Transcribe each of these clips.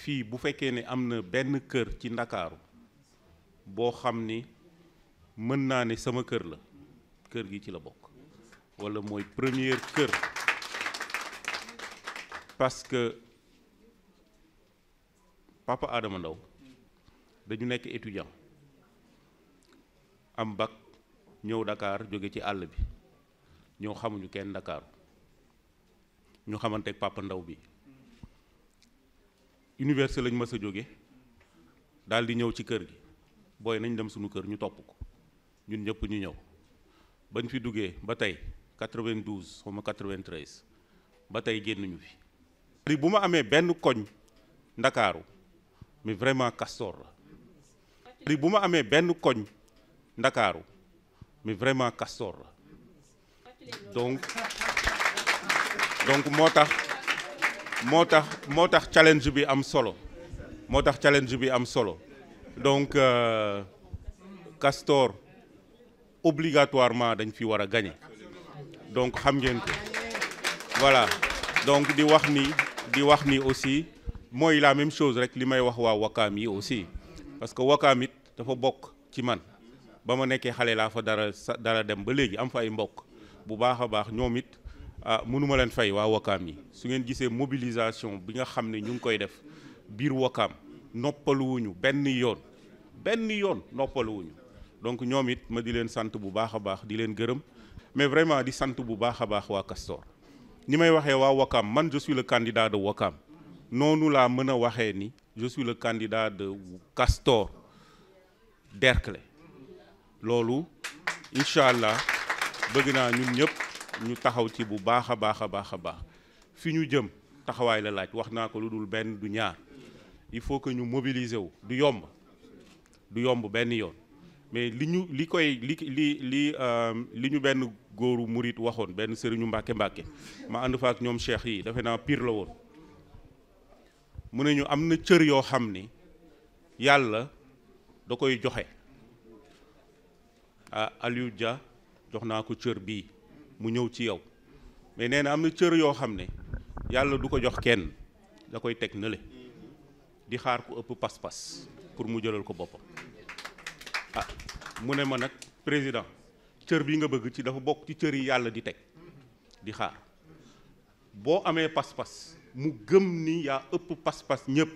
fii bu fekkee ne am na benn kër ci ndakaaru boo xam ni mën naa ni sama kër la kër gi ci la bokk walla mooy première kër parce que papa Adama Ndaw dañu nekk étudiant am bac ñëw ndakaar jóge ci àll bi ñoo xamuñu kenn Dakar ñu xamante ak papa Ndaw bi université lañ mës a jóge daal di ñëw ci kër gi booy nañ dem suñu kër ñu topp ko ñun ñëpp ñu ñëw bañ fi duggee ba tey 92 xaw ma 93 ba tey génnuñu fi. di bu ma amee benn koñ ndakaaru mais vraiment Castor la. di bu ma amee benn koñ ndakaaru mais vraiment Castor la donc donc moo tax. motax tax challenge bi am solo motax challenge bi am solo donc euh, Castor obligatoirement dañ fi wara gagner donc xam ngeen ko voilà donc di wax ni di wax ni aussi moy la même chose rek limay wax wa Wakaam yi aussi parce que Wakaam it dafa bok ci man bama ma xalé la fa dara dara dem ba légui am fa ay bu baakha bax ah mënuma leen fay waa Wakaam yi su ngeen gisee mobilisation bi nga xam ne ñu ngi koy def biir Wakaam noppaluwuñu benn yoon benn yoon noppaluwuñu donc ñoom it ma di leen sant bu baax a baax di leen gërëm mais vraiment di sant bu baax baax waa Castor ni may waxee waa Wakaam man je suis le candidat de Wakaam noonu laa mën a waxee ni je suis le candidat de Castor dercle loolu incha allah bëgg naa ñun ñëpp. ñu taxaw ci bu baax a baax a baax a baax fi ñu jëm taxawaay la laaj wax naa ko lu dul benn du ñaar il faut que ñu mobiliser wu du yomb du yomb benn yoon mais li ñu li koy li li li euh, li ñu benn góoru murit waxoon benn sëriñu mbàkke mbàkke ma ànd fa ak ñoom cheikh yi defe naa piir la woon mu ne ñu am na cër yoo xam ni yàlla da koy joxe ah Aliou Dia jox naa ko cër bii mu ñëw ci yow mais nee na am na cër yoo xam ne yàlla du ko jox kenn da koy teg nële di xaar ku ëpp pas-pas pour mu jëlal ko boppam ah mu ne ma nag président cër bi nga bëgg ci dafa bokk ci cër yi yàlla di teg di xaar boo amee pas-pas mu gëm ni yaa ëpp pas-pas ñëpp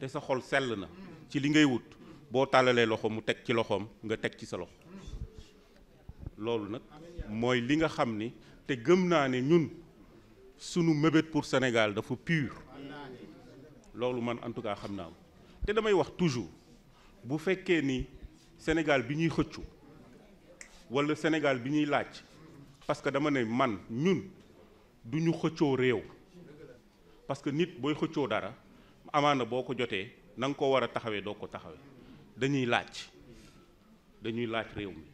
te sa xol sell na ci li ngay wut boo tàllalee loxo mu teg ci loxoom nga teg ci sa loxo loolu nag mooy li nga xam ni te gëm naa ne ñun sunu mébét pour Sénégal dafa pur loolu man en tout cas xam naa te damay wax toujours bu fekkee ni Sénégal bi ñuy xëccu walla Sénégal bi ñuy laaj parce que dama ne man ñun du ñu xëccoo réew parce que nit booy xëccoo dara amaana boo ko jotee na nga ko war a taxawee doo ko taxawee dañuy laaj dañuy laaj réew mi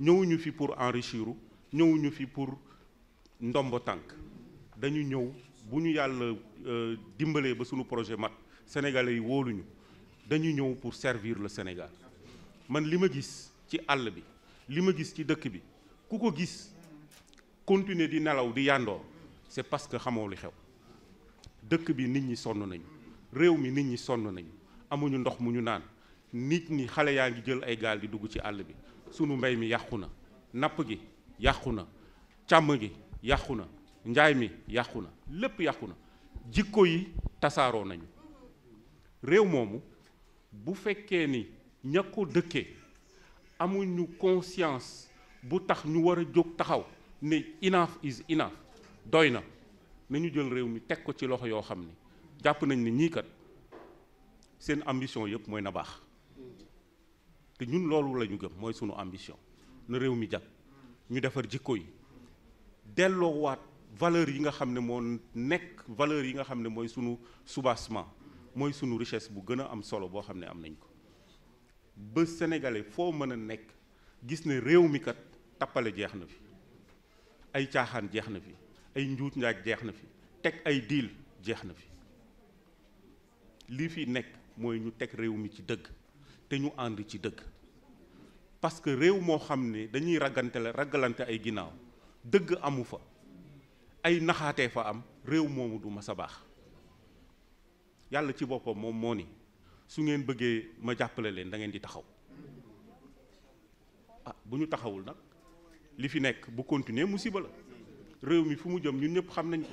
ñëwuñu fi pour enrichir ñëwuñu fi pour ndomb tànk dañu ñëw bu ñu yàlla euh, dimbalee ba suñu projet mat sénégalais yi wóoluñu dañu ñëw pour servir le Sénégal man li ma gis ci àll bi li ma gis ci dëkk bi ku ko gis continuer di nelaw di yàndoor c'est parce que xamoo lu xew dëkk bi nit ñi sonn nañu réew mi nit ñi sonn nañu amuñu ndox mu ñu naan nit ñi xale yaa ngi jël ay gaal di dugg ci àll bi sunu mbay mi yàqu na napp gi yàqu na càmm gi yàqu na njaay mi yàqu na lépp yàqu na jikko yi tasaaroo nañu réew moomu bu fekkee ni ña ko dëkkee amuñu conscience bu tax ñu war a jóg taxaw ne enough is enough doy na nañu jël réew mi teg ko ci loxo yoo xam ni jàpp nañ ni ñii kat seen ambition yëpp mooy na baax te ñun loolu la ñu gëm mooy sunu ambition na réew mi jag ñu defar jikko yi delloowaat valeur yi nga xam ne moo nekk valeur yi nga xam ne mooy sunu soubassement mooy sunu richesse bu gën a am solo boo xam ne am nañ ko ba sénégalais foo mën a nekk gis ne réew mi kat tappale jeex na fi ay caaxaan jeex na fi ay njuut njaaj jeex na fi teg ay diil jeex na fi lii fi nekk mooy ñu teg réew mi ci dëgg te ñu ànd ci dëgg parce que réew moo xam ne dañuy raggante la ragalante ay ginnaaw dëgg amu fa ay naxaate fa am réew moomu du ma sa baax yàlla ci boppam moom moo ni su ngeen bëggee ma jàppale leen dangeen di taxaw a ah, bu ñu taxawul nag li fi nekk bu continuer musiba la réew mi fu mu jëm ñun ñëpp xam nañ ko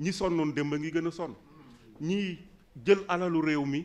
ñi sonnoon démb a ngi gën a sonn ñii jël alalu réew mi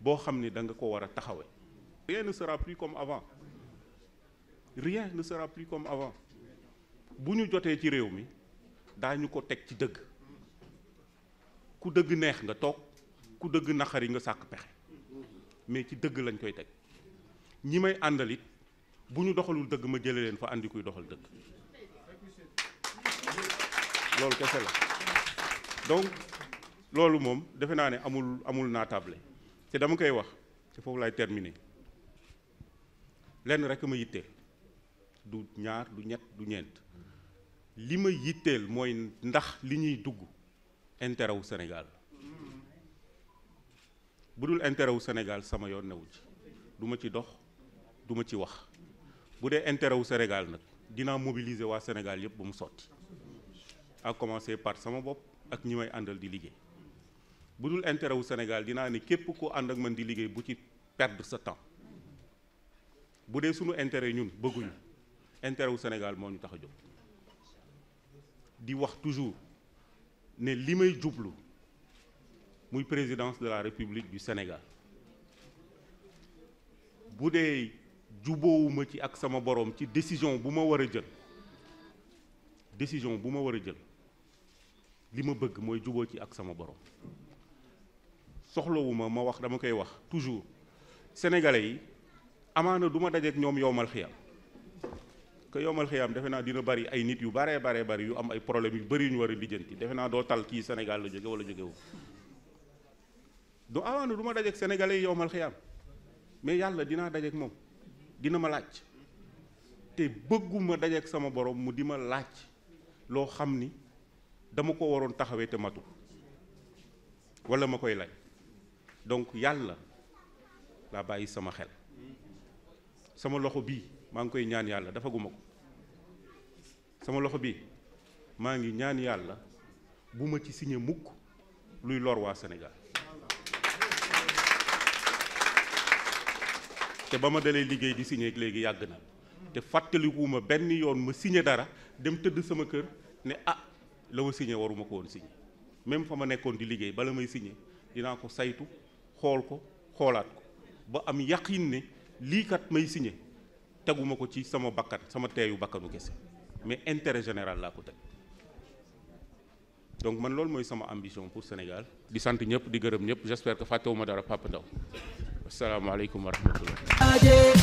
boo xam da nga ko war a rien ne sera plus comme avant rien ne sera plus comme avant bu ñu jotee ci réew mi daañu ko teg ci dëgg ku dëgg neex nga tok, ku dëgg naqari nga sàkk pexe mais ci dëgg lañ koy teg ñi may àndalit bu doxalul dëgg ma jële leen fa andi kuy doxal dëgg loolu kese donc loolu moom defe naa ne amul amul naatable te dama koy wax te foofu laay terminer lenn rek ma yitteel du ñaar du ñett du ñeent li ma yitteel mooy ndax li ñuy dugg intérêt wu Sénégal bu dul intérêt wu Sénégal sama yoon newu ci du ma ci dox duma ci wax bu dee intérêt wu Sénégal nag dinaa mobiliser waa Sénégal yëpp ba mu sotti à commencer par sama bopp ak ñi may àndal di liggéey Budul dul intérêt Sénégal dina ni képp ko and ak man di liggéey bu ci perdre sa temps bu sunu intérêt ñun bëgguñu intérêt au Sénégal moo ñu tax di wax toujours ne limay djublu mouy muy présidence de la République du Sénégal bu jubo juboowuma ci ak sama borom ci décision bu ma jël décision bu ma jël lima bëgg moy ci ak sama borom soxlawuma ma wax dama koy wax toujours sénégalais yi amaana du ma dajeeg ñoom yowmal xiyam que yowmal xiyam defe naa dina bari ay nit yu baree baree bari yu am ay problème yu bari yu ñu war a lijjanti defe naa doo tal kii Sénégal la jóge wala jógewu do amaana du ma dajeeg sénégalais yi yowmal xiyam mais yàlla dinaa dajeeg moom dina ma laaj te bëgguma dajeeg sama borom mu di ma laaj loo xam ni dama ko waroon taxawee te matul wala ma koy laaj donc yalla, la bàyyi sama xel sama loxo bi ma ngi koy ñaan yalla dafa gumako sama loxo bi ma ngi ñaan yalla buma ci signé mukk luy lor Sénégal te bama dalé liggéey di signé légui yàgg na te fàttalikuwuma benn yoon ma signé dara dem tëdd sama kër ne ah la ma signé waruma ko won signé même fa ma nekkoon di liggéey bala may signé dinaa ko saytu xool ko xoolaat ko ba am yaqin ne lii kat may signé teguma ko ci sama bakkan sama teeyu bakkanu kese mais intérêt général laa ko teg donc man loolu mooy sama ambition pour Sénégal di sant ñëpp di gërëm ñëpp j'espère que fàttewuma dara Papa Ndaw asalaamaaleykum wa rahmatullah